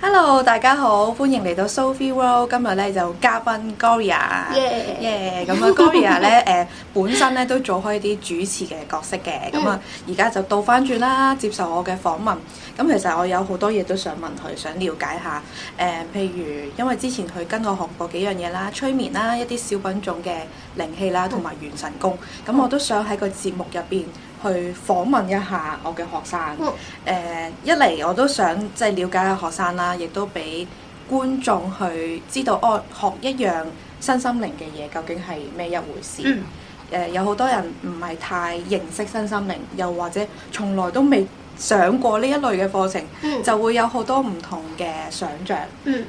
Hello，大家好，歡迎嚟到 Sophie World 今。今日咧就嘉賓 Gloria，咁啊 Gloria 咧誒，本身咧都做開啲主持嘅角色嘅，咁啊而家就倒翻轉啦，接受我嘅訪問。咁、呃、其實我有好多嘢都想問佢，想了解下誒，譬、呃、如因為之前佢跟我學過幾樣嘢啦，催眠啦，一啲小品種嘅靈氣啦，同埋元辰宮。咁、呃、Yeah. 我都想喺個節目入邊。去訪問一下我嘅學生，誒、oh. uh, 一嚟我都想即係、就是、了解下學生啦，亦都俾觀眾去知道我、哦、學一樣身心靈嘅嘢究竟係咩一回事。誒、mm. uh, 有好多人唔係太認識身心靈，又或者從來都未。上過呢一類嘅課程，嗯、就會有好多唔同嘅想像。咁、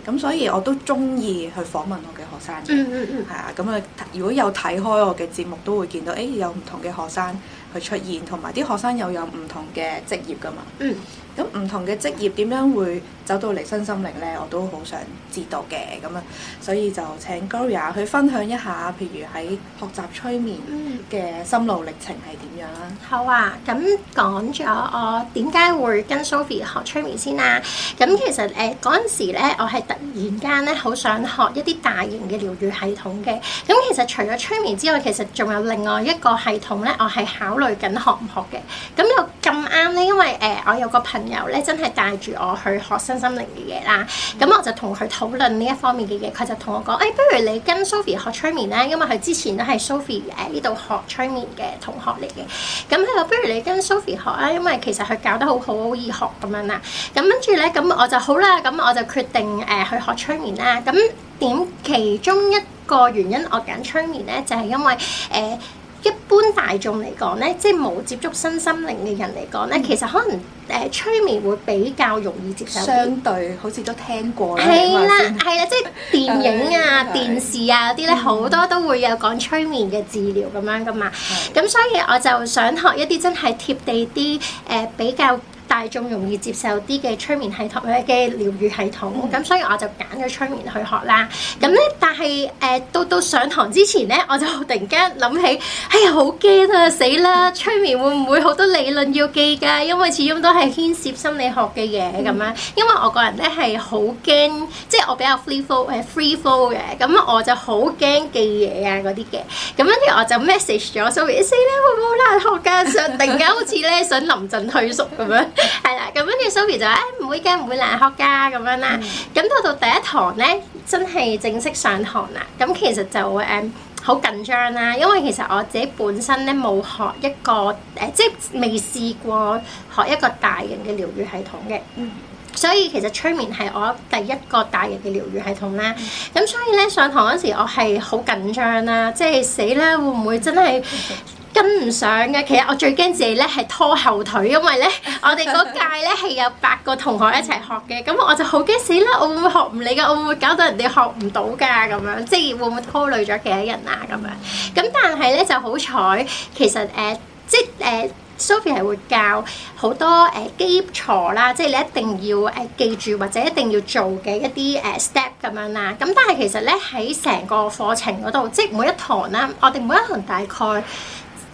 嗯、所以我都鍾意去訪問我嘅學生嘅。係啊、嗯，咁、嗯嗯、啊，如果有睇開我嘅節目，都會見到，誒、哎、有唔同嘅學生去出現，同埋啲學生又有唔同嘅職業㗎嘛。嗯咁唔同嘅職業點樣會走到嚟身心靈咧？我都好想知道嘅咁啊，所以就請 Gloria 去分享一下，譬如喺學習催眠嘅心路歷程係點樣、嗯？好啊，咁講咗我點解會跟 Sophie 學催眠先啦、啊。咁其實誒嗰陣時咧，我係突然間咧好想學一啲大型嘅療愈系統嘅。咁其實除咗催眠之外，其實仲有另外一個系統咧，我係考慮緊學唔學嘅。咁又咁啱咧，因為誒、呃、我有個朋友有咧，真係帶住我去學新心靈嘅嘢啦。咁、嗯、我就同佢討論呢一方面嘅嘢，佢就同我講：，誒、哎，不如你跟 Sophie 學催眠咧，因為佢之前都係 Sophie 誒呢度、呃、學催眠嘅同學嚟嘅。咁咧，不如你跟 Sophie 學啊，因為其實佢教得好好，好易學咁樣啦。咁跟住咧，咁我就好啦。咁我就決定誒、呃、去學催眠啦。咁點其中一個原因我揀催眠咧，就係、是、因為誒。呃一般大眾嚟講咧，即係冇接觸身心靈嘅人嚟講咧，嗯、其實可能誒、呃、催眠會比較容易接受。相對好似都聽過啦，係啦係啦，即係電影啊、 電視啊嗰啲咧，好的多都會有講催眠嘅治療咁樣㗎嘛。咁的所以我就想學一啲真係貼地啲誒、呃、比較，大眾容易接受啲嘅催眠系統或者嘅療愈系統，咁、嗯、所以我就揀咗催眠去學啦。咁咧、嗯，但係誒到到上堂之前咧，我就突然間諗起，哎呀好驚啊死啦！催眠會唔會好多理論要記㗎？因為始終都係牽涉心理學嘅嘢咁樣。嗯、因為我個人咧係好驚，即係我比較 free flow free flow 嘅，咁我就好驚記嘢啊嗰啲嘅。咁跟住我就 message 咗 Sophie 死啦會唔會好難學㗎？想突然間好似咧想臨陣退縮咁樣。 係啦，咁跟住 Sophie 就話誒，唔會驚唔會難學家。」咁樣啦。咁、hmm. 到到第一堂咧，真係正式上堂啦。咁其實就誒好緊張啦，因為其實我自己本身咧冇學一個誒、呃，即係未試過學一個大型嘅療愈系統嘅。嗯、mm。Hmm. 所以其實催眠係我第一個大型嘅療愈系統啦。咁、mm hmm. 所以咧上堂嗰時我係好緊張啦，即係死啦，會唔會真係？Mm hmm. 跟唔上嘅，其實我最驚自己咧係拖後腿，因為咧 我哋嗰屆咧係有八個同學一齊學嘅，咁我就好驚死啦！我會唔會學唔嚟噶？我會唔會搞到人哋學唔到噶？咁樣即係會唔會拖累咗其他人啊？咁樣，咁但係咧就好彩，其實誒、呃、即係誒、呃、Sophie 係會教好多誒、呃、基礎啦，即係你一定要誒記住或者一定要做嘅一啲誒 step 咁樣啦。咁但係其實咧喺成個課程嗰度，即係每一堂啦，我哋每一堂大概。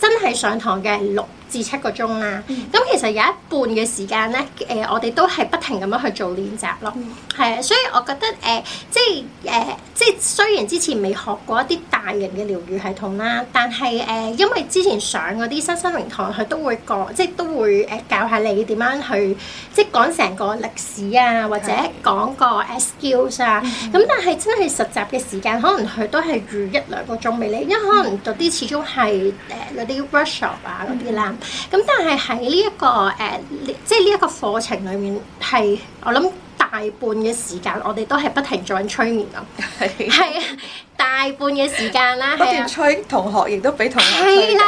真係上堂嘅六。至七個鐘啦，咁、嗯、其實有一半嘅時間咧，誒、呃、我哋都係不停咁樣去做練習咯，係啊、嗯，所以我覺得誒、呃，即係誒、呃，即係雖然之前未學過一啲大型嘅療愈系統啦，但係誒、呃，因為之前上嗰啲新生命堂，佢都會講，即係都會誒教下你點樣去，即係講成個歷史啊，或者講個 skills 啊，咁、嗯嗯、但係真係實習嘅時間，可能佢都係預一兩個鐘畀你，因為可能嗰啲始終係誒嗰啲 workshop 啊嗰啲啦。嗯咁、嗯、但係喺呢一個誒、呃，即係呢一個課程裏面，係我諗大半嘅時間，我哋都係不停做緊催眠咁。係係啊，大半嘅時間啦，不斷催同學，亦都俾同學催眠。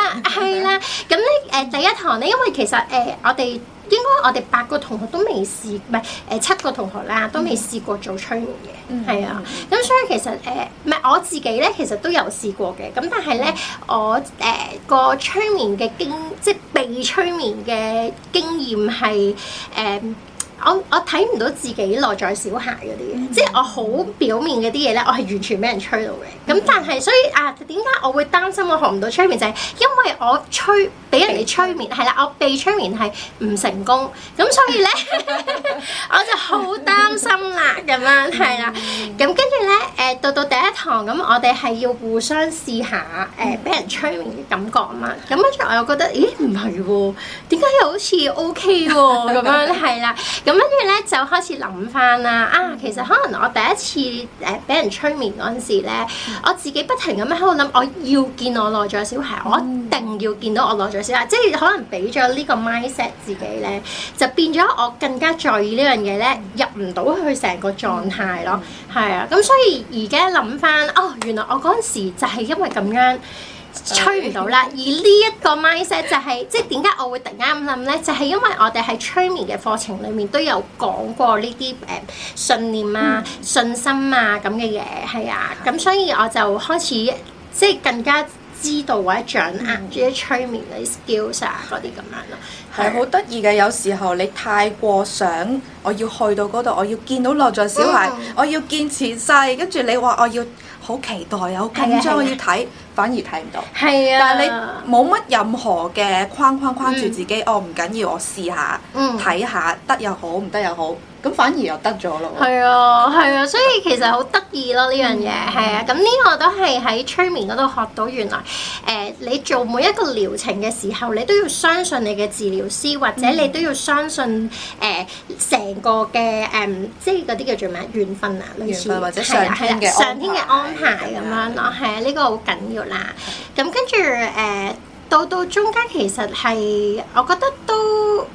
誒第一堂咧，因為其實誒、呃、我哋應該我哋八個同學都未試，唔係誒七個同學啦，都未試過做催眠嘅，係、嗯、啊，咁、嗯嗯、所以其實誒唔係我自己咧，其實都有試過嘅，咁但係咧、嗯、我誒個、呃、催眠嘅經，即係被催眠嘅經驗係誒。呃我我睇唔到自己內在小孩嗰啲嘢，mm hmm. 即係我好表面嗰啲嘢咧，我係完全俾人催到嘅。咁、mm hmm. 但係所以啊，點解我會擔心我學唔到催眠？就係、是、因為我催俾人哋催眠係啦，我被催眠係唔成功，咁所以咧， 我就好擔心啦咁樣係啦。咁跟住咧誒，到到第一堂咁，我哋係要互相試下誒，俾、mm hmm. 呃、人催眠嘅感覺嘛。咁跟住我又覺得，咦唔係喎？點解又好似 OK 喎、啊？咁、啊、樣係啦。 咁跟住咧，就開始諗翻啦。啊，其實可能我第一次誒俾人催眠嗰陣時咧，我自己不停咁樣喺度諗，我要見我內在小孩，我一定要見到我內在小孩。即係可能俾咗呢個 mindset 自己咧，就變咗我更加在意呢樣嘢咧，入唔到去成個狀態咯。係啊、嗯，咁、嗯、所以而家諗翻，哦，原來我嗰陣時就係因為咁樣。吹唔到啦，而呢一個 mindset 就係、是、即係點解我會突然間咁諗呢？就係、是、因為我哋喺催眠嘅課程裡面都有講過呢啲誒信念啊、信心啊咁嘅嘢，係啊，咁、嗯、所以我就開始即係更加知道或者掌握住啲催眠啲 skills 啊嗰啲咁樣咯。係好得意嘅，有時候你太過想我要去到嗰度，我要見到落在小孩，嗯、我要見前世，跟住你話我要。好期待，好緊張要睇，反而睇唔到。係啊的，但係你冇乜任何嘅框框框住自己，嗯、哦，唔緊要，我試下，睇下、嗯、得又好，唔得又好。咁反而又得咗咯，係啊、嗯，係 啊，所以其實好得意咯呢樣嘢，係、嗯、啊，咁、這、呢個都係喺催眠嗰度學到，原來誒、呃、你做每一個療程嘅時候，你都要相信你嘅治療師，或者你都要相信誒成、呃、個嘅誒、嗯，即係嗰啲叫做咩啊，緣分啊，緣分或者上天嘅、啊啊、上天嘅安排咁樣咯，係啊，呢個好緊要啦。咁的跟住誒到到中間，其實係我覺得都。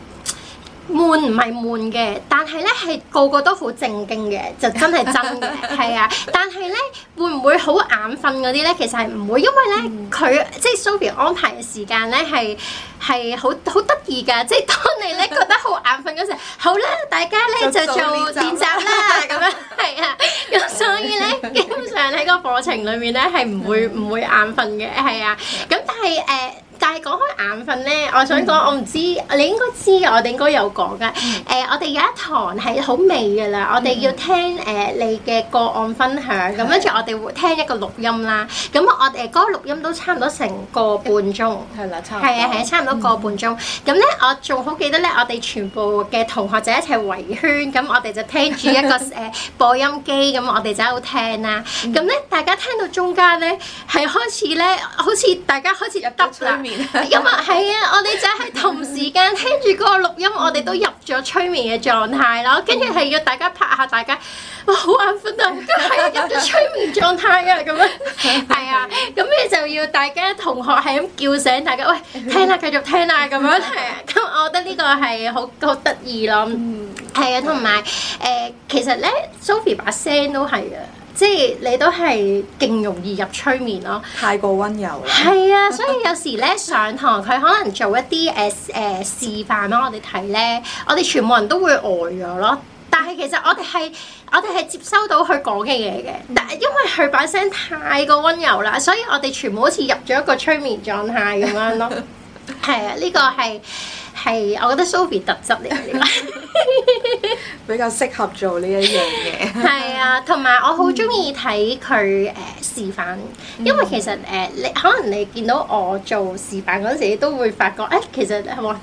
悶唔係悶嘅，但係咧係個個都好正經嘅，就真係真嘅，係啊！ 但係咧會唔會好眼瞓嗰啲咧？其實係唔會，因為咧佢、嗯、即係 Sophie 安排嘅時間咧係係好好得意噶，即係當你咧覺得好眼瞓嗰陣，好咧大家咧就做練習啦，咁 樣係啊。咁所以咧，基本上喺個課程裏面咧係唔會唔 會眼瞓嘅，係啊。咁但係誒。呃但係講開眼瞓咧，我想講，我唔知你應該知，我哋應該有講噶。誒，我哋有一堂係好尾噶啦，我哋要聽誒你嘅個案分享，咁跟住我哋會聽一個錄音啦。咁我誒嗰個錄音都差唔多成個半鐘，係啦，差係啊係啊，差唔多個半鐘。咁咧，我仲好記得咧，我哋全部嘅同學仔一齊圍圈，咁我哋就聽住一個誒播音機，咁我哋就喺度聽啦。咁咧，大家聽到中間咧，係開始咧，好似大家開始就得啦。 因為係啊，我哋就係同時間聽住嗰個錄音， 我哋都入咗催眠嘅狀態咯。跟住係要大家拍下大家，我好眼瞓啊！都係入咗催眠狀態啊。咁樣，係啊。咁咪就要大家同學係咁叫醒大家，喂，聽啦，繼續聽啦，咁樣。咁我覺得呢個係好好得意咯。係啊，同埋誒，其實咧，Sophie 把聲都係啊。即係你都係勁容易入催眠咯，太過溫柔啦。係啊，所以有時咧，上堂佢可能做一啲誒誒示範啦、啊，我哋睇咧，我哋全部人都會呆、呃、咗咯。但係其實我哋係我哋係接收到佢講嘅嘢嘅，但係因為佢把聲太過溫柔啦，所以我哋全部好似入咗一個催眠狀態咁樣咯。係 啊，呢、呢個係。係，我覺得 Sophie 特質嚟㗎， 比較適合做呢一樣嘢。係啊，同埋我好中意睇佢誒示範，因為其實誒你、呃、可能你見到我做示範嗰時，你都會發覺誒、欸，其實係喎，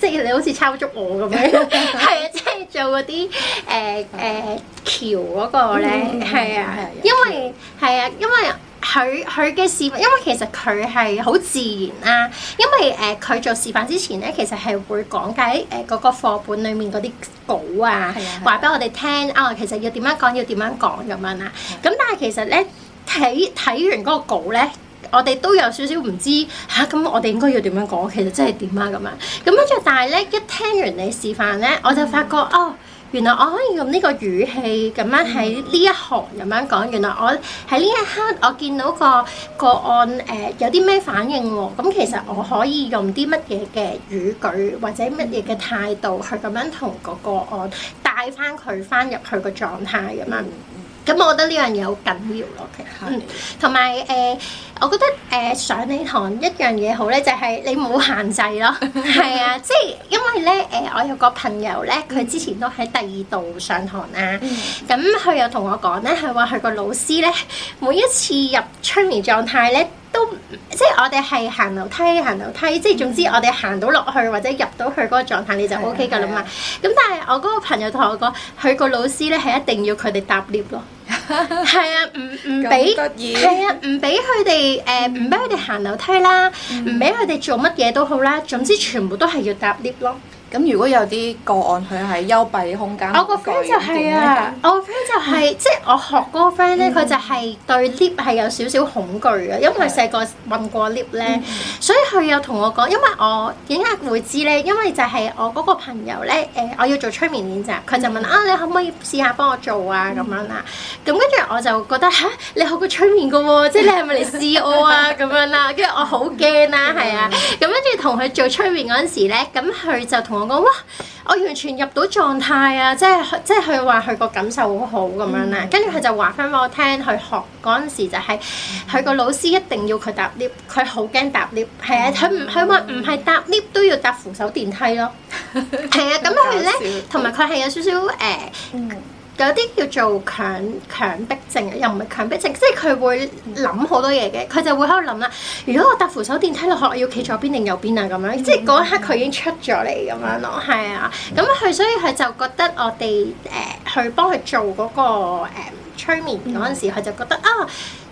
即係你好似抄足我咁樣。係啊， 即、就、係、是、做嗰啲誒誒橋嗰個咧。係啊，因為係啊的，因為。因為因為佢佢嘅示範，因為其實佢係好自然啦、啊。因為誒，佢、呃、做示範之前咧，其實係會講解誒嗰個課本裡面嗰啲稿啊，係啊、係啊、話俾我哋聽。哦，其實要點樣講，要點樣講咁樣啦。咁但係其實咧睇睇完嗰個稿咧，我哋都有少少唔知嚇。咁、啊、我哋應該要點樣講？其實真係點啊咁啊。咁樣，但係咧一聽完你示範咧，嗯、我就發覺哦。原來我可以用呢個語氣咁樣喺呢一行咁樣講。原來我喺呢一刻我見到個個案誒、呃、有啲咩反應喎？咁、嗯、其實我可以用啲乜嘢嘅語句或者乜嘢嘅態度去咁樣同個個案帶翻佢翻入去個狀態咁樣。咁我覺得呢樣嘢好緊要咯，其實、嗯。同埋誒，我覺得誒、呃、上呢堂一樣嘢好咧，就係、是、你冇限制咯。係 啊，即係因為咧誒、呃，我有個朋友咧，佢之前都喺第二度上堂啊。嗯。 咁佢又同我講咧，佢話佢個老師咧，每一次入催眠狀態咧，都即係我哋係行樓梯行樓梯，即係總之我哋行到落去或者入到去嗰個狀態，你就 O K 㗎啦嘛。咁、啊啊、但係我嗰個朋友同我講，佢個老師咧係一定要佢哋搭 𨋢 咯。係 啊，唔唔俾，係 啊，唔俾佢哋誒，唔俾佢哋行樓梯啦，唔俾佢哋做乜嘢都好啦，總之全部都係要搭 lift 咯。咁如果有啲個案佢喺幽閉空間，我個 friend 就係、是、啊，是我個 friend 就係、是、 即係我學嗰個 friend 咧，佢 就係對 lift 係有少少恐懼啊，因為細個混過 lift 咧， 所以佢有同我講，因為我點解會知咧？因為就係我嗰個朋友咧，誒、呃、我要做催眠練習，佢就問啊，你可唔可以試下幫我做啊咁樣啦？咁跟住我就覺得嚇、啊，你學過催眠噶喎，即係你係咪嚟試我啊咁樣啦？跟住 我好驚啦，係 啊，咁、啊、跟住同佢做催眠嗰陣時咧，咁佢就同， 我講哇，我完全入到狀態啊！即係即係佢話佢個感受好好咁樣啦。跟住佢就話翻俾我聽，佢學嗰陣時就係佢個老師一定要佢搭 lift，佢好驚搭 lift。係啊，佢唔佢話唔係搭 lift 都要搭扶手電梯咯。係啊， 咁佢咧，同埋佢係有少少誒。呃嗯有啲叫做強強迫症嘅，又唔係強迫症，即係佢會諗好多嘢嘅，佢就會喺度諗啦。如果我搭扶手電梯落去，我要企左邊定右邊啊？咁樣，即係嗰一刻佢已經出咗嚟咁樣咯，係啊。咁佢所以佢就覺得我哋誒、呃、去幫佢做嗰、嗰個、嗯、催眠嗰陣時，佢、嗯、就覺得啊，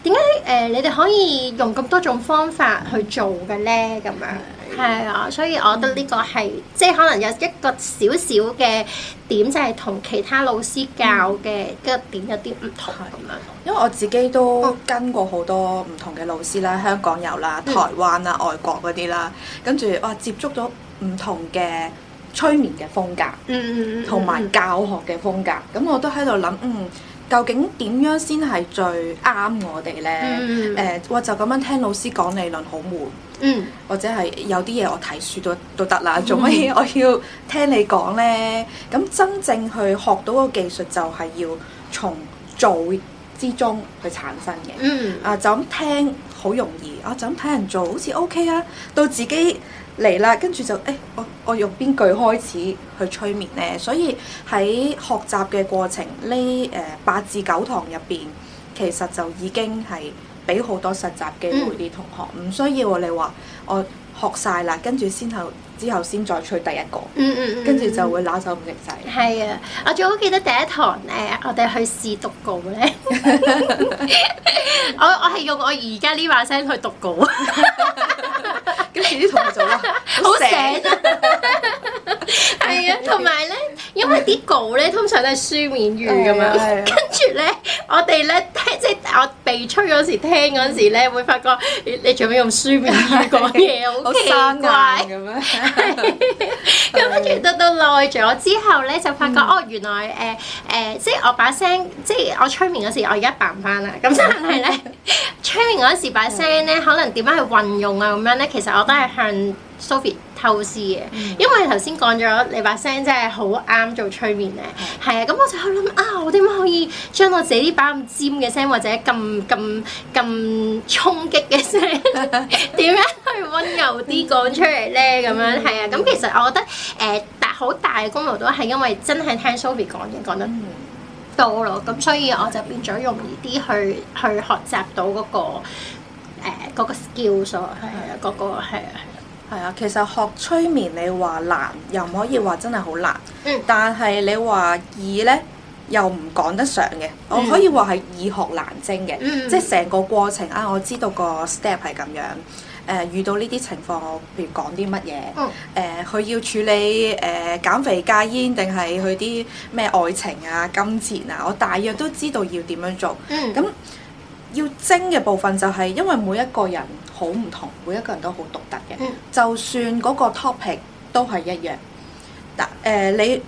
點解誒你哋可以用咁多種方法去做嘅咧？咁樣。嗯係啊，所以我覺得呢個係、嗯、即係可能有一個小小嘅點，就係、係、同其他老師教嘅個點有啲唔同咁樣，嗯。因為我自己都跟過好多唔同嘅老師啦，香港有啦，台灣啦，嗯、外國嗰啲啦，跟住哇，接觸到唔同嘅催眠嘅風格，嗯嗯同埋、嗯、教學嘅風格，咁我都喺度諗嗯。嗯究竟點樣先係最啱我哋呢？誒、mm，我、hmm. 呃、就咁樣聽老師講理論好悶，mm hmm. 或者係有啲嘢我睇書都都得啦。做乜嘢？我要聽你講呢。咁、mm hmm. 真正去學到個技術就係要從做之中去產生嘅。Mm hmm. 啊，就咁聽好容易，啊，就咁睇人做好似 OK 啊，到自己。嚟啦，跟住就誒、欸，我我用邊句開始去催眠呢？所以喺學習嘅過程，呢誒八至九堂入邊，其實就已經係俾好多實習嘅機會啲同學，唔、嗯、需要你話我學晒啦，跟住先後之後先再催第一個，跟住、嗯嗯嗯、就會拿走五隻仔。係啊，我仲好記得第一堂誒、呃，我哋去試讀稿咧，我我係用我而家呢把聲去讀稿。 跟住啲同學就話，好醒啊！ 係啊，同埋咧，因為啲稿咧通常都係書面語咁樣 跟住咧。我哋咧即係我被催嗰時聽嗰時咧，會發覺你做咩用書面語講嘢？好生硬咁樣。咁跟住到到耐咗之後咧，就發覺哦，原來誒誒，即係我把聲，即係我催眠嗰時，我而家扮翻啦。咁但係咧，催眠嗰時把聲咧，可能點樣去運用啊？咁樣咧，其實我都係向 Sophie 透視嘅，因為頭先講咗你把聲真係好啱做催眠咧。係啊，咁我就喺度諗啊，我點樣可以將我自己？你啲把咁尖嘅聲或者咁咁咁衝擊嘅聲， 點 樣去溫柔啲講出嚟咧？咁樣係啊，咁其實我覺得誒、呃、大好大嘅功勞都係因為真係聽 Sofie 講嘢講得、嗯嗯、多咯，咁所以我就變咗容易啲去是、嗯、去學習到嗰、那個誒 skill 咗，係、呃那個、啊，嗰、那個係啊，係啊，其實學催眠你話難，又唔可以話真係好難，嗯，但係你話易咧？ 又唔講得上嘅，嗯、我可以話係易學難精嘅，嗯、即係成個過程啊！我知道個 step 係咁樣，誒、呃、遇到呢啲情況，譬如講啲乜嘢，誒佢、嗯呃、要處理誒、呃、減肥戒煙定係佢啲咩愛情啊、金錢啊，我大約都知道要點樣做。咁、嗯、要精嘅部分就係因為每一個人好唔同，每一個人都好獨特嘅。嗯、就算嗰個 topic 都係一樣，但、呃、誒、呃、你。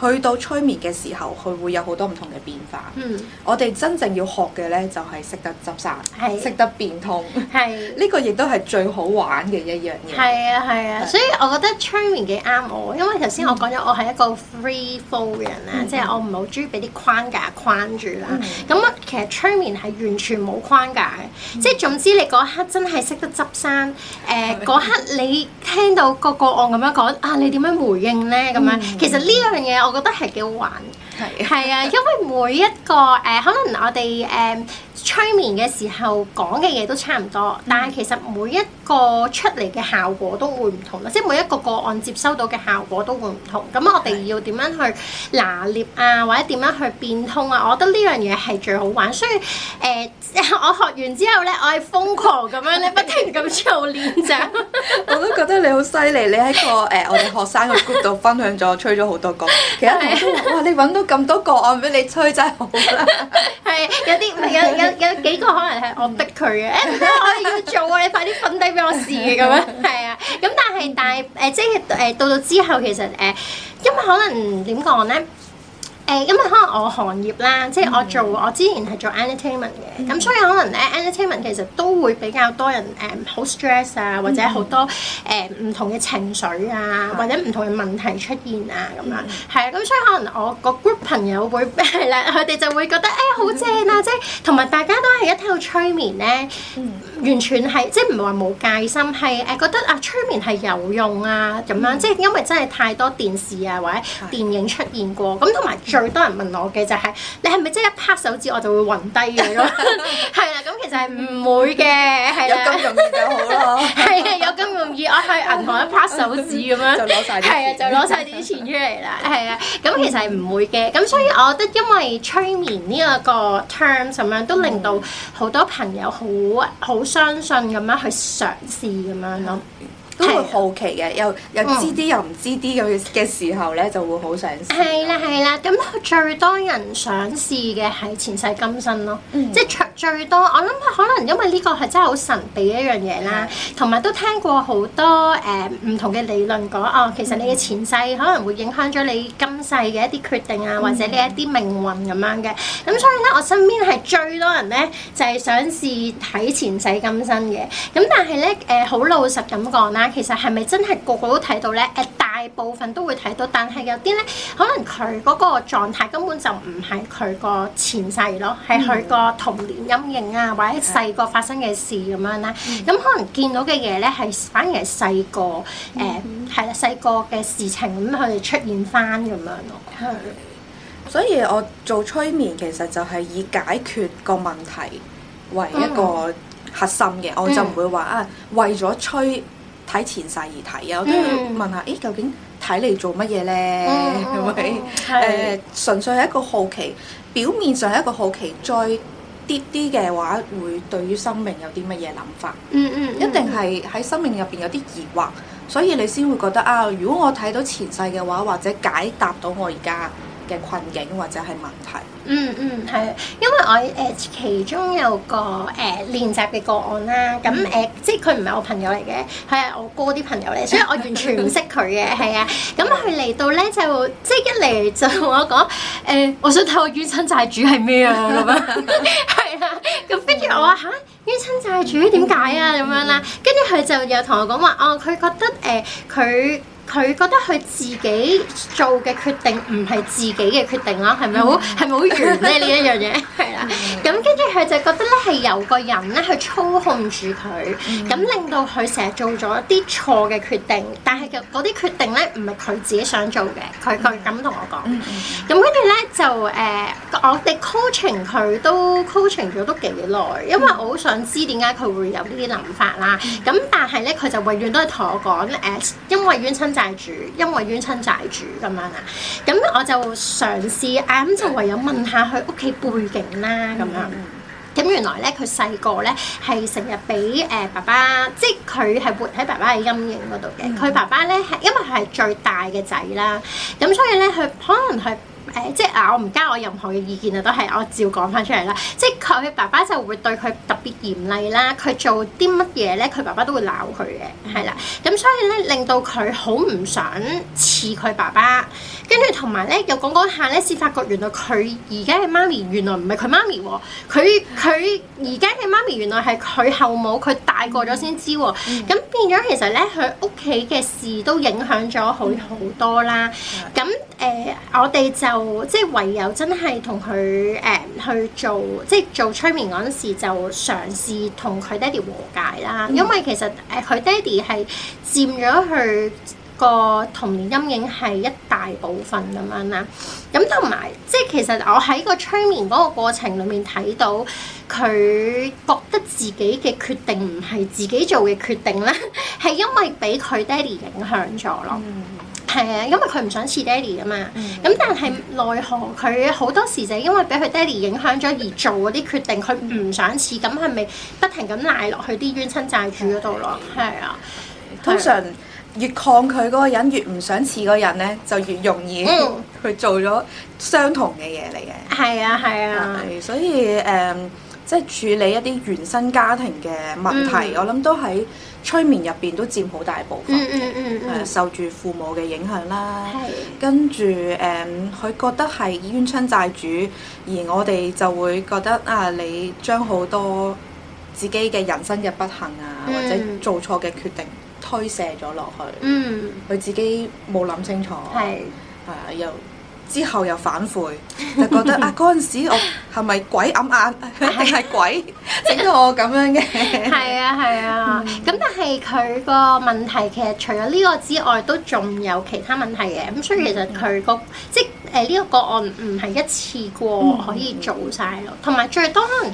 去到催眠嘅時候，佢會有好多唔同嘅變化。嗯，我哋真正要學嘅咧，就係識得執生，係識得變通。係呢個亦都係最好玩嘅一樣嘢。係啊，係啊，所以我覺得催眠幾啱我，因為頭先我講咗，我係一個 free fall 嘅人啦，即係我唔係好中意俾啲框架框住啦。咁啊，其實催眠係完全冇框架嘅，即係總之你嗰刻真係識得執生。誒，嗰刻你聽到個個案咁樣講啊，你點樣回應咧？咁樣其實呢樣嘢我我覺得係幾好玩，係啊， 因為每一個誒、呃，可能我哋誒。呃催眠嘅時候講嘅嘢都差唔多，但係其實每一個出嚟嘅效果都會唔同啦，即係每一個個案接收到嘅效果都會唔同。咁我哋要點樣去拿捏啊，或者點樣去變通啊？我覺得呢樣嘢係最好玩。所以誒、呃，我學完之後咧，我係瘋狂咁樣咧，不停咁做練習。我都覺得你好犀利，你喺個誒、呃、我哋學生嘅 group 度分享咗吹咗好多個，其實你揾到咁多個案俾你吹真係好啦。係 有啲 有幾個可能係我逼佢嘅，誒、欸、唔得，我要做啊！你快啲瞓低俾我試嘅咁樣，係啊。咁但係，但係誒、呃，即係誒、呃，到到之後其實誒、呃，因為可能點講咧？呃誒咁啊，可能我行業啦，即係我做我之前係做 entertainment 嘅，咁所以可能咧 entertainment 其實都會比較多人誒好 stress 啊，或者好多誒唔同嘅情緒啊，或者唔同嘅問題出現啊咁樣係啊，咁所以可能我個 group 朋友會係啦，佢哋就會覺得誒好正啊，即係同埋大家都係一聽到催眠咧，完全係即係唔係話冇戒心，係誒覺得啊催眠係有用啊咁樣，即係因為真係太多電視啊或者電影出現過咁，同埋好多人問我嘅就係、是，你係咪真係一拍手指我就會暈低嘅咯？係啦， 咁其實係唔會嘅，係有咁容易就好咯。係 啊， 有咁容易，我去銀行一拍手指咁樣，就攞晒啲錢，係啊，就攞晒啲錢出嚟啦。係啊， 咁其實係唔會嘅。咁所以，我覺得因為催眠呢一個 term 咁樣，都令到好多朋友好好相信咁樣去嘗試咁樣咯。都會好奇嘅，又又知啲又唔知啲嘅嘅時候咧，嗯、就會好想試。係啦係啦，咁最多人想試嘅係前世今生咯，嗯、即係最最多。我諗可能因為呢個係真係好神秘一樣嘢啦，同埋、嗯、都聽過好多誒唔、呃、同嘅理論講哦，其實你嘅前世可能會影響咗你今世嘅一啲決定啊，嗯、或者你一啲命運咁樣嘅。咁所以咧，我身邊係最多人咧就係、是、想試睇前世今生嘅。咁但係咧誒好老實咁講啦。其實係咪真係個個都睇到咧？誒，大部分都會睇到，但係有啲咧，可能佢嗰個狀態根本就唔係佢個前世咯，係佢個童年陰影啊，的或者細個發生嘅事咁樣啦。咁、嗯、可能見到嘅嘢咧，係反而係細個誒，係啦、嗯，細個嘅事情，咁佢哋出現翻咁樣咯。係，所以我做催眠，其實就係以解決個問題為一個核心嘅，嗯嗯、我就唔會話啊，為咗催。睇前世而睇啊！我都會問下，誒究竟睇嚟做乜嘢咧？係咪、嗯？誒純是、呃、粹係一個好奇，表面上係一個好奇，追啲啲嘅話，會對於生命有啲乜嘢諗法？嗯嗯，嗯一定係喺生命入邊有啲疑惑，所以你先會覺得啊，如果我睇到前世嘅話，或者解答到我而家。嘅困境或者係問題，嗯嗯係，因為我誒其中有個誒練習嘅個案啦，咁誒即係佢唔係我朋友嚟嘅，係我哥啲朋友嚟，所以我完全唔識佢嘅，係啊，咁佢嚟到咧就即係一嚟就同我講誒，我想睇我冤親債主係咩啊咁樣，係啊，咁跟住我話吓，冤親債主點解啊咁樣啦，跟住佢就又同我講話哦，佢覺得誒佢。佢覺得佢自己做嘅決定唔係自己嘅決定咯，係咪好係咪好冤咧？ 係係呢一樣嘢係啦，咁跟住佢就覺得咧係有個人咧去操控住佢，咁 令到佢成日做咗一啲錯嘅決定，但係嗰啲決定咧唔係佢自己想做嘅，佢佢咁同我講，咁跟住咧就誒、呃、我哋 coaching 佢都 coaching 咗都幾耐，因為我好想知點解佢會有 呢啲諗法啦，咁但係咧佢就永遠都係同我講誒因為。冤親債主，因為冤親債主咁樣啊，咁我就嘗試啊，咁就唯有問下佢屋企背景啦，咁樣。咁、嗯、原來咧，佢細個咧係成日俾誒爸爸，即係佢係活喺爸爸嘅陰影嗰度嘅。佢、嗯、爸爸咧係因為佢係最大嘅仔啦，咁所以咧佢可能係。誒、哎，即係啊！我唔加我任何嘅意見啊，都係我照講翻出嚟啦。即係佢爸爸就會對佢特別嚴厲啦，佢做啲乜嘢咧，佢爸爸都會鬧佢嘅，係啦。咁所以咧，令到佢好唔想似佢爸爸。跟住同埋咧，又講講下咧，先發覺原來佢而家嘅媽咪原來唔係佢媽咪喎。佢佢而家嘅媽咪原來係佢後母，佢大個咗先知喎。咁、嗯、變咗其實咧，佢屋企嘅事都影響咗佢好多啦。咁、嗯那嗯誒、呃，我哋就即係唯有真係同佢誒去做，即係做催眠嗰陣時，就嘗試同佢爹哋和解啦。嗯、因為其實誒，佢爹哋係佔咗佢個童年陰影係一大部分咁樣啦。咁同埋，即係其實我喺個催眠嗰個過程裡面睇到，佢覺得自己嘅決定唔係自己做嘅決定啦，係 因為俾佢爹哋影響咗咯。嗯。係啊，因為佢唔想似爹哋啊嘛。咁、嗯、但係奈何佢好多時就係因為俾佢爹哋影響咗而做嗰啲決定，佢唔想似，咁係咪不停咁賴落去啲冤親債主嗰度咯？係啊，通常越抗拒嗰個人，越唔想似嗰人咧，就越容易去做咗相同嘅嘢嚟嘅。係啊、嗯，係啊，所以誒、嗯，即係處理一啲原生家庭嘅問題，嗯、我諗都喺，催眠入邊都佔好大部分嘅，嗯嗯嗯呃，受住父母嘅影響啦，是跟住誒佢覺得係冤親債主，而我哋就會覺得啊，你將好多自己嘅人生嘅不幸啊，嗯、或者做錯嘅決定推卸咗落去，嗯，佢自己冇諗清楚，係啊是、呃、又。之後又反悔，就覺得 啊，嗰陣時我係咪鬼揞眼定係 鬼整到我咁樣嘅？係 啊，係啊。咁但係佢個問題其實除咗呢個之外，都仲有其他問題嘅。咁所以其實佢個、嗯、即係誒呢個個案唔係一次過可以做晒咯，同埋、嗯、最多，可能。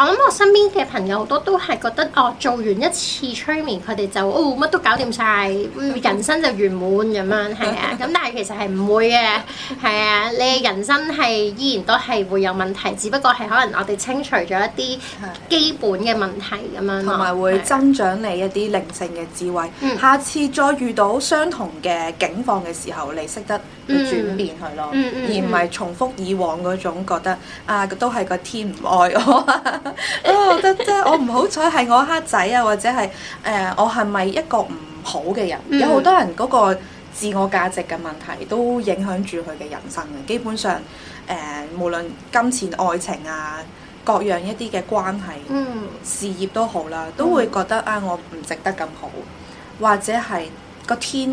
我諗我身邊嘅朋友好多都係覺得，哦，做完一次催眠，佢哋就哦乜都搞掂晒，人生就圓滿咁樣，係啊。咁但係其實係唔會嘅，係啊，你嘅人生係依然都係會有問題，只不過係可能我哋清除咗一啲基本嘅問題咁樣，同埋會增長你一啲靈性嘅智慧。嗯、下次再遇到相同嘅境況嘅時候，你識得去轉變佢咯，嗯嗯嗯嗯、而唔係重複以往嗰種覺得啊，都係個天唔愛我。 哦、我覺得即係我唔好彩係我黑仔啊，或者係誒、呃、我係咪一個唔好嘅人？嗯、有好多人嗰個自我價值嘅問題都影響住佢嘅人生嘅。基本上誒、呃、無論金錢、愛情啊各樣一啲嘅關係、嗯、事業都好啦，都會覺得啊、呃、我唔值得咁好，或者係個天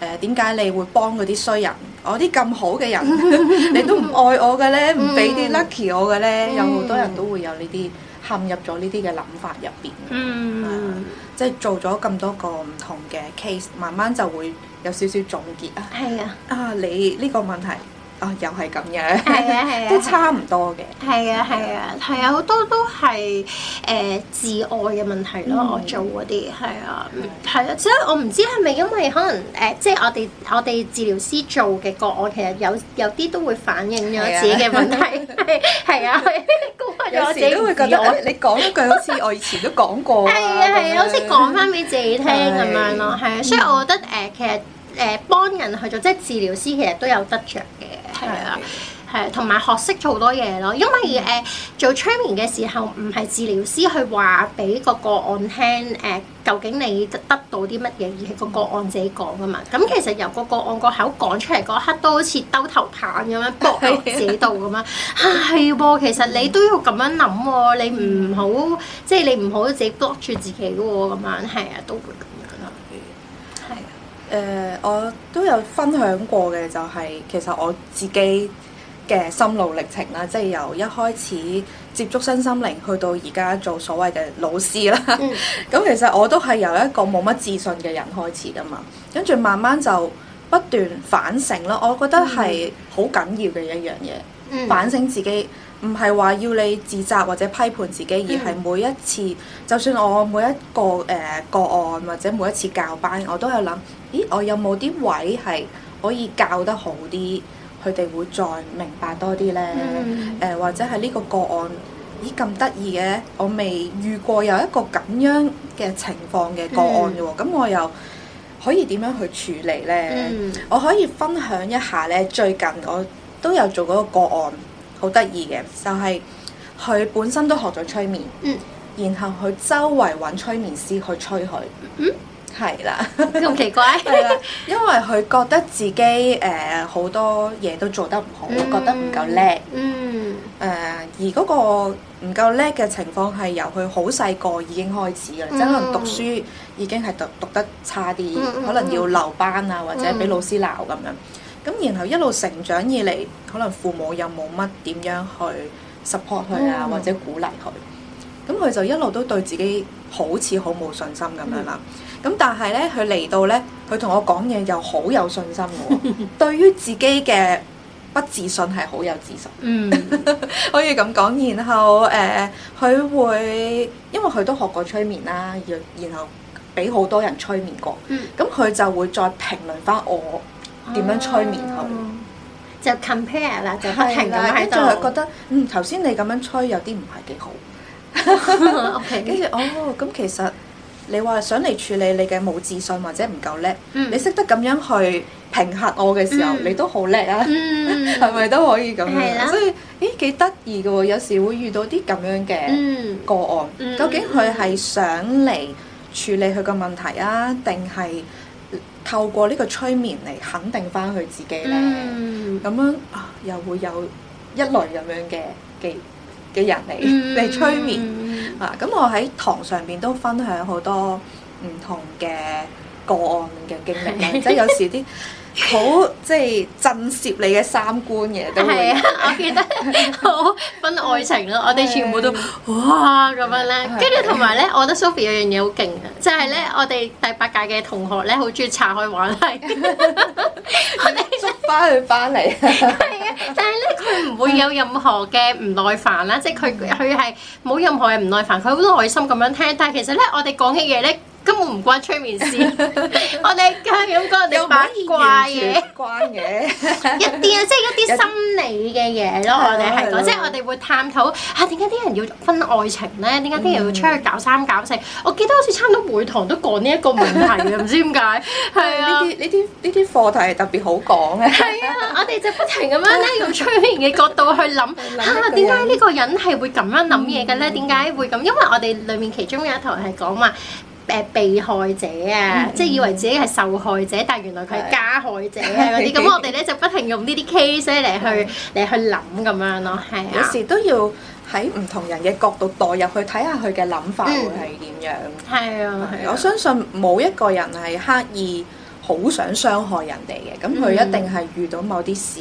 誒點解你會幫嗰啲衰人？我啲咁好嘅人， 你都唔愛我嘅咧，唔俾啲 lucky 我嘅咧，嗯、有好多人都會有呢啲陷入咗呢啲嘅諗法入邊，嗯，即係、就是、做咗咁多個唔同嘅 case，慢慢就會有少少總結啊。係啊，啊你呢個問題。啊，又係咁樣，係啊，係啊，都差唔多嘅。係啊，係啊，係啊，好多都係誒自愛嘅問題咯。我做嗰啲係啊，係啊，所以我唔知係咪因為可能誒，即係我哋我哋治療師做嘅個案，其實有有啲都會反映咗自己嘅問題，係啊，係公開咗自己。有時都會覺得你講一句好似我以前都講過，係啊係啊，好似講翻俾自己聽咁樣咯。係啊，所以我覺得誒，其實誒幫人去做即係治療師，其實都有得着嘅。係啊，係、啊，同埋學識做好多嘢咯，因為誒、呃、做催眠嘅時候，唔係治療師去話俾個個案聽，誒、呃、究竟你得到啲乜嘢，而係個個案自己講噶嘛。咁其實由個個案口、個口講出嚟嗰刻，都好似兜頭棒咁樣 block 自己度咁樣。係喎、 啊，其實你都要咁樣諗、哦，你唔好即係你唔好自己 block 住自己喎、哦，咁 樣係啊，都。誒、呃，我都有分享過嘅、就是，就係其實我自己嘅心路歷程啦，即係由一開始接觸身心靈，去到而家做所謂嘅老師啦。咁、嗯、其實我都係由一個冇乜自信嘅人開始㗎嘛，跟住慢慢就不斷反省啦。我覺得係好緊要嘅一樣嘢，嗯、反省自己，唔係話要你自責或者批判自己，而係每一次，嗯、就算我每一個誒、呃、個案或者每一次教班，我都係諗。咦，我有冇啲位係可以教得好啲，佢哋會再明白多啲呢？誒、嗯呃，或者係呢個個案，咦咁得意嘅，我未遇過有一個咁樣嘅情況嘅個案嘅喎，咁、嗯、我又可以點樣去處理呢？嗯、我可以分享一下呢。最近我都有做嗰個個案，好得意嘅，就係、是、佢本身都學咗催眠，嗯、然後佢周圍揾催眠師去催佢，嗯係啦，咁奇怪。係 啦，因為佢覺得自己誒好、呃、多嘢都做得唔好，嗯、覺得唔夠叻。嗯。誒、呃，而嗰個唔夠叻嘅情況係由佢好細個已經開始嘅，即係、嗯、可能讀書已經係讀讀得差啲，嗯、可能要留班啊，或者俾老師鬧咁樣。咁、嗯、然後一路成長以嚟，可能父母又冇乜點樣去 support 佢啊，嗯、或者鼓勵佢。咁佢就一路都對自己好似好冇信心咁樣啦。咁、嗯、但係咧，佢嚟到咧，佢同我講嘢又好有信心嘅。 對於自己嘅不自信係好有自信，嗯， 可以咁講。然後誒，佢、呃、會因為佢都學過催眠啦，然後俾好多人催眠過。咁佢、嗯、就會再評論翻我點樣催眠佢、啊，就 compare 啦，就不停咁喺度覺得，嗯，頭先你咁樣催有啲唔係幾好。跟住， 哦，咁其實你話想嚟處理你嘅冇自信或者唔夠叻，嗯、你識得咁樣去評核我嘅時候，嗯、你都好叻啊，係咪、嗯、 都可以咁啊？的所以，誒，幾得意㗎，有時會遇到啲咁樣嘅個案，嗯嗯、究竟佢係想嚟處理佢個問題啊，定係透過呢個催眠嚟肯定翻佢自己咧？咁、嗯嗯、樣啊，又會有一類咁樣嘅技。嘅人嚟嚟催眠、嗯、啊！咁我喺堂上邊都分享好多唔同嘅個案嘅經歷， 即係有時啲。好即係震懾你嘅三觀嘅，都會。係啊，我記得好分、就是、愛情咯，我哋全部都哇咁樣咧。跟住同埋咧，我覺得 Sophie 有樣嘢好勁嘅，就係、是、咧，我哋第八屆嘅同學咧，好中意拆開玩嚟，捉翻去翻嚟。係啊 來， 但係咧，佢唔會有任何嘅唔耐煩啦，即係佢佢係冇任何嘅唔耐煩，佢好耐心咁樣聽。但係其實咧，我哋講嘅嘢咧。根本唔關催眠事， 我哋係咁講，我哋把怪嘅，一啲的啊，即係一啲心理嘅嘢咯。我哋係講，即係我哋會探討嚇點解啲人要分愛情咧？點解啲人要出去搞三、嗯、搞四？我記得好似差唔多每堂都講呢一個問題嘅，唔 知點解。係 啊，呢啲呢啲呢啲課題係特別好講嘅。係 啊，我哋就不停咁樣咧，用催眠嘅角度去諗嚇，點解呢個人係會咁樣諗嘢嘅咧？點解、嗯、會咁？因為我哋裡面其中有一堂係講話。誒、被害者啊，嗯、即係以為自己係受害者，嗯、但係原來佢係加害者啊嗰啲，咁的我哋咧 就不停用呢啲 case 嚟去嚟的去諗咁樣咯，係啊，有時都要喺唔同人嘅角度代入去睇下佢嘅諗法會係點樣，係啊、嗯，我相信冇一個人係刻意好想傷害人哋嘅，咁佢一定係遇到某啲事。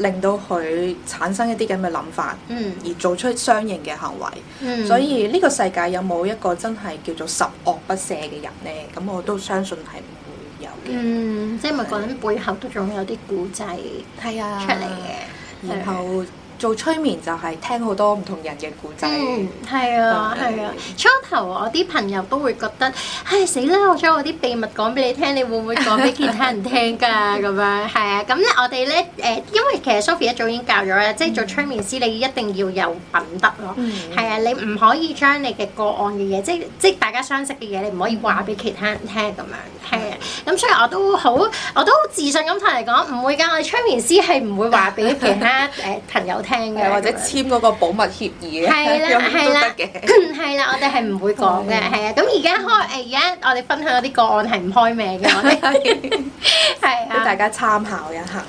令到佢產生一啲咁嘅諗法，嗯、而做出相應嘅行為。嗯、所以呢個世界有冇一個真係叫做十惡不赦嘅人咧？咁我都相信係唔會有嘅。嗯，即係咪個人背後都仲有啲古仔出嚟嘅？嗯、然後。做催眠就係聽好多唔同人嘅故仔。嗯，係啊，係啊。初頭我啲朋友都會覺得，唉死啦！我將我啲秘密講俾你聽，你會唔會講俾其他人聽㗎？咁 樣係啊。咁咧，我哋咧誒，因為其實 Sophie 一早已經教咗啦，即係做催眠師，你一定要有品德咯。嗯。係啊，你唔可以將你嘅個案嘅嘢，嗯、即係即係大家相識嘅嘢，你唔可以話俾其他人聽咁樣。啊，咁、嗯嗯嗯、所以我都好，我都好自信咁同你講，唔會㗎。我哋催眠師係唔會話俾其他誒朋友聽。 聽嘅或者簽嗰個保密協議嘅，樣樣的 都得係啦，我哋係唔會講嘅，係啊的。咁而家開，而家我哋分享嗰啲個案係唔開名嘅，係啊，俾大家參考一下。